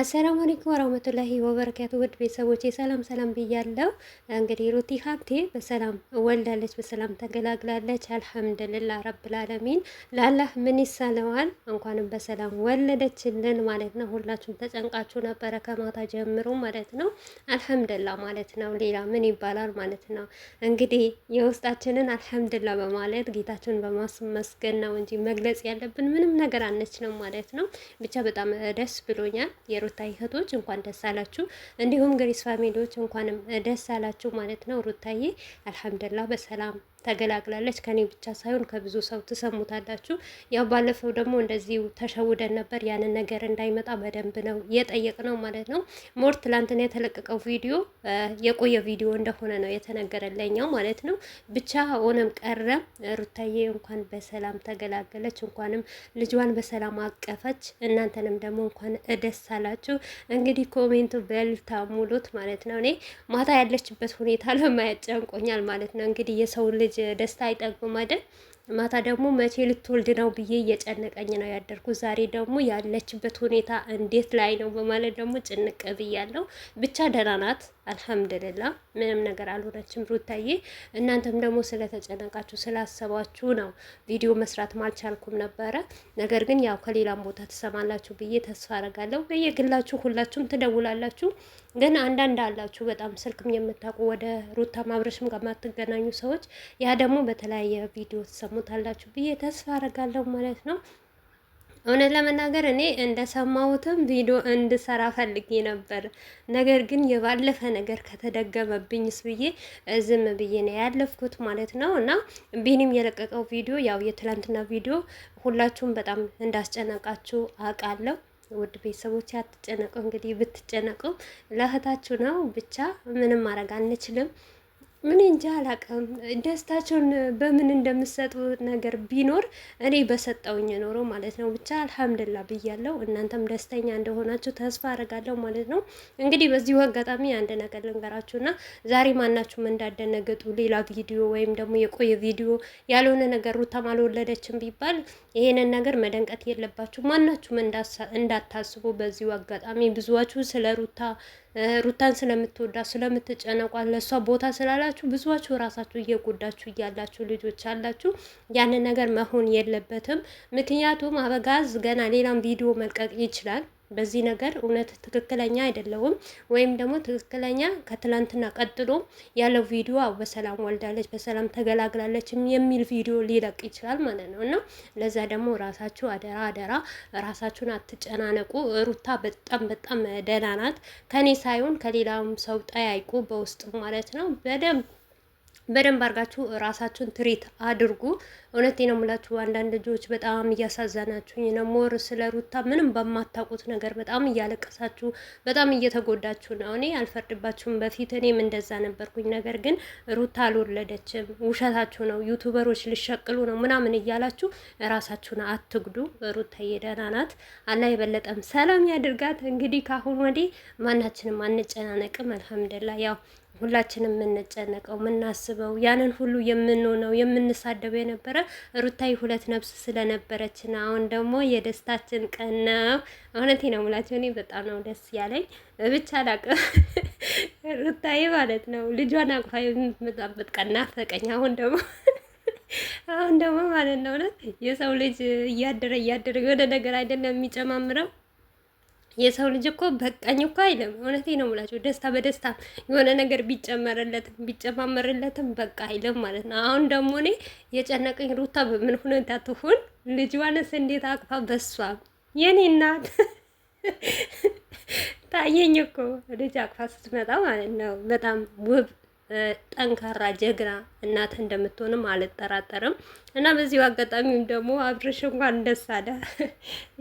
አሰላሙ አለይኩም ወራህመቱላሂ ወበረካቱ። ውድ ቤተሰቦቼ ሰላም ሰላም ብያለሁ። እንግዲህ ሩቲ ሀብቴ በሰላም ወልዳለች፣ በሰላም ተገላግላለች። አልሐምዱሊላህ ረብል ዓለሚን። ላላህ ምን ይሳነዋል? እንኳንም በሰላም ወለደችልን ማለት ነው። ሁላችሁም ተጨንቃችሁ ነበረ ከማታ ጀምሮ ማለት ነው። አልሐምዱሊላህ ማለት ነው። ሌላ ምን ይባላል ማለት ነው። እንግዲህ የውስጣችንን አልሐምዱሊላህ በማለት ጌታችንን በማስመስገን ነው እንጂ መግለጽ ያለብን ምንም ነገር አንችልም ማለት ነው። ብቻ በጣም ደስ ብሎኛል። የሩታይ እህቶች እንኳን ደስ አላችሁ፣ እንዲሁም ግሪስ ፋሚሊዎች እንኳንም ደስ አላችሁ ማለት ነው። ሩታዬ አልሐምዱላህ በሰላም ተገላግላለች። ከኔ ብቻ ሳይሆን ከብዙ ሰው ትሰሙታላችሁ። ያው ባለፈው ደግሞ እንደዚህ ተሸውደን ነበር። ያንን ነገር እንዳይመጣ በደንብ ነው የጠየቅነው ማለት ነው። ሞር ትላንትና የተለቀቀው ቪዲዮ የቆየ ቪዲዮ እንደሆነ ነው የተነገረለኛው ማለት ነው። ብቻ ሆነም ቀረ ሩታዬ እንኳን በሰላም ተገላገለች፣ እንኳንም ልጇን በሰላም አቀፈች። እናንተንም ደግሞ እንኳን እደስ አላችሁ። እንግዲህ ኮሜንቱ በልታ ሙሉት ማለት ነው። እኔ ማታ ያለችበት ሁኔታ ለማየት ጨንቆኛል ማለት ነው። እንግዲህ የሰው ልጅ ልጅ ደስታ አይጠግብም አይደል? ማታ ደግሞ መቼ ልትወልድ ነው ብዬ እየጨነቀኝ ነው ያደርኩ። ዛሬ ደግሞ ያለችበት ሁኔታ እንዴት ላይ ነው በማለት ደግሞ ጭንቅ ብያለሁ። ብቻ ደህና ናት፣ አልሐምድልላ ምንም ነገር አልሆነችም ሩታዬ። እናንተም ደግሞ ስለተጨነቃችሁ ስላሰባችሁ ነው ቪዲዮ መስራት ማልቻልኩም ነበረ። ነገር ግን ያው ከሌላም ቦታ ትሰማላችሁ ብዬ ተስፋ አረጋለሁ። በየግላችሁ ሁላችሁም ትደውላላችሁ ግን አንዳንድ አላችሁ በጣም ስልክም የምታውቁ ወደ ሩታ ማብረሽም ጋር ማትገናኙ ሰዎች፣ ያ ደግሞ በተለያየ ቪዲዮ ትሰሙታላችሁ ብዬ ተስፋ አረጋለሁ ማለት ነው። እውነት ለመናገር እኔ እንደሰማሁትም ቪዲዮ እንድሰራ ፈልጌ ነበር። ነገር ግን የባለፈ ነገር ከተደገመብኝስ ብዬ ዝም ብዬ ነው ያለፍኩት ማለት ነው። እና ቢኒም የለቀቀው ቪዲዮ ያው የትላንትና ቪዲዮ ሁላችሁም በጣም እንዳስጨነቃችሁ አውቃለሁ። ውድ ቤተሰቦች አትጨነቁ። እንግዲህ ብትጨነቁ ለእህታችሁ ነው። ብቻ ምንም ማድረግ አንችልም። ምን እንጃ አላውቅም። ደስታቸውን በምን እንደምሰጡ ነገር ቢኖር እኔ በሰጠውኝ ኖሮ ማለት ነው። ብቻ አልሐምድላ ብያለው። እናንተም ደስተኛ እንደሆናችሁ ተስፋ አረጋለሁ ማለት ነው። እንግዲህ በዚሁ አጋጣሚ አንድ ነገር ልንገራችሁና ዛሬ ማናችሁም እንዳደነገጡ ሌላ ቪዲዮ ወይም ደግሞ የቆየ ቪዲዮ ያልሆነ ነገር ሩታም አልወለደችም ቢባል ይሄንን ነገር መደንቀት የለባችሁ ማናችሁም እንዳታስቡ። በዚሁ አጋጣሚ ብዙዋችሁ ስለ ሩታ ሩታን ስለምትወዳ ስለምትጨነቋት ለእሷ ቦታ ስላላችሁ ብዙዎቹ ራሳችሁ እየጎዳችሁ እያላችሁ ልጆች አላችሁ። ያንን ነገር መሆን የለበትም። ምክንያቱም አበጋዝ ገና ሌላም ቪዲዮ መልቀቅ ይችላል። በዚህ ነገር እውነት ትክክለኛ አይደለውም፣ ወይም ደግሞ ትክክለኛ ከትላንትና ቀጥሎ ያለው ቪዲዮ አው በሰላም ወልዳለች፣ በሰላም ተገላግላለች የሚል ቪዲዮ ሊለቅ ይችላል ማለት ነው። እና ለዛ ደግሞ ራሳችሁ አደራ አደራ፣ ራሳችሁን አትጨናነቁ። ሩታ በጣም በጣም ደህና ናት። ከኔ ሳይሆን ከሌላም ሰው ጠያይቁ፣ በውስጥ ማለት ነው በደንብ በደንብ አድርጋችሁ ራሳችሁን ትሪት አድርጉ። እውነቴ ነው የምላችሁ አንዳንድ ልጆች በጣም እያሳዘናችሁኝ ነው። ሞር ስለ ሩታ ምንም በማታውቁት ነገር በጣም እያለቀሳችሁ፣ በጣም እየተጎዳችሁ ነው። እኔ አልፈርድባችሁም። በፊት እኔም እንደዛ ነበርኩኝ። ነገር ግን ሩታ አልወለደችም፣ ውሸታችሁ ነው፣ ዩቱበሮች ልሸቅሉ ነው ምናምን እያላችሁ ራሳችሁን አትግዱ። ሩታዬ ደህና ናት። አላህ የበለጠም ሰላም ያድርጋት። እንግዲህ ከአሁን ወዲህ ማናችንም አንጨናነቅም። አልሐምድላ ያው ሁላችንም የምንጨነቀው የምናስበው ያንን ሁሉ የምንሆነው የምንሳደበው የነበረ ሩታዬ ሁለት ነፍስ ስለነበረች ነው። አሁን ደግሞ የደስታችን ቀን ነው። እውነቴ ነው የምላቸው እኔ በጣም ነው ደስ ያለኝ። ብቻ ላቀ ሩታዬ ማለት ነው ልጇን አቅፋ የምትመጣበት ቀን ናፈቀኝ። አሁን ደግሞ አሁን ደግሞ ማለት ነው የሰው ልጅ እያደረ እያደረ የሆነ ነገር አይደለም የሚጨማምረው የሰው ልጅ እኮ በቃኝ እኮ አይልም። እውነቴ ነው የምላቸው ደስታ በደስታ የሆነ ነገር ቢጨመርለትም ቢጨማመርለትም በቃ አይልም ማለት ነው። አሁን ደግሞ እኔ የጨነቀኝ ሩታ በምን ሁኔታ ትሁን፣ ልጅዋንስ እንዴት አቅፋ በሷ የኔ እናት ታየኝ እኮ ልጅ አቅፋ ስትመጣ ማለት ነው በጣም ውብ ጠንካራ ጀግና እናት እንደምትሆንም አልጠራጠርም። እና በዚሁ አጋጣሚም ደግሞ አብርሽ እንኳን ደስ አለ።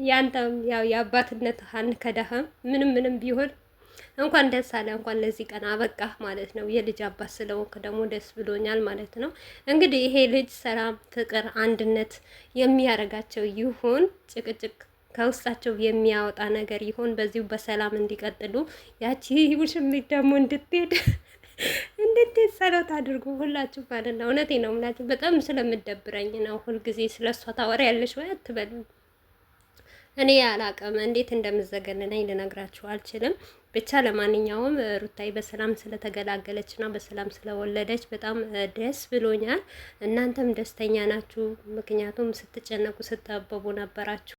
ያንተም ያው የአባትነት አንከዳህም። ምንም ምንም ቢሆን እንኳን ደስ አለ። እንኳን ለዚህ ቀን አበቃ ማለት ነው። የልጅ አባት ስለሆንክ ደግሞ ደስ ብሎኛል ማለት ነው። እንግዲህ ይሄ ልጅ ሰላም፣ ፍቅር፣ አንድነት የሚያደርጋቸው ይሁን ጭቅጭቅ ከውስጣቸው የሚያወጣ ነገር ይሆን። በዚሁ በሰላም እንዲቀጥሉ ያቺ ውሽሚት ደግሞ እንድትሄድ እንዴት ጸሎት አድርጉ ሁላችሁ ማለት ነው። እውነቴ ነው የምላችሁ በጣም ስለምደብረኝ ነው። ሁልጊዜ ስለሷ ታወሪ ያለሽ ወይ አትበሉ። እኔ አላቅም እንዴት እንደምዘገነነኝ ልነግራችሁ አልችልም። ብቻ ለማንኛውም ሩታይ በሰላም ስለተገላገለች እና በሰላም ስለወለደች በጣም ደስ ብሎኛል። እናንተም ደስተኛ ናችሁ፣ ምክንያቱም ስትጨነቁ ስታበቡ ነበራችሁ።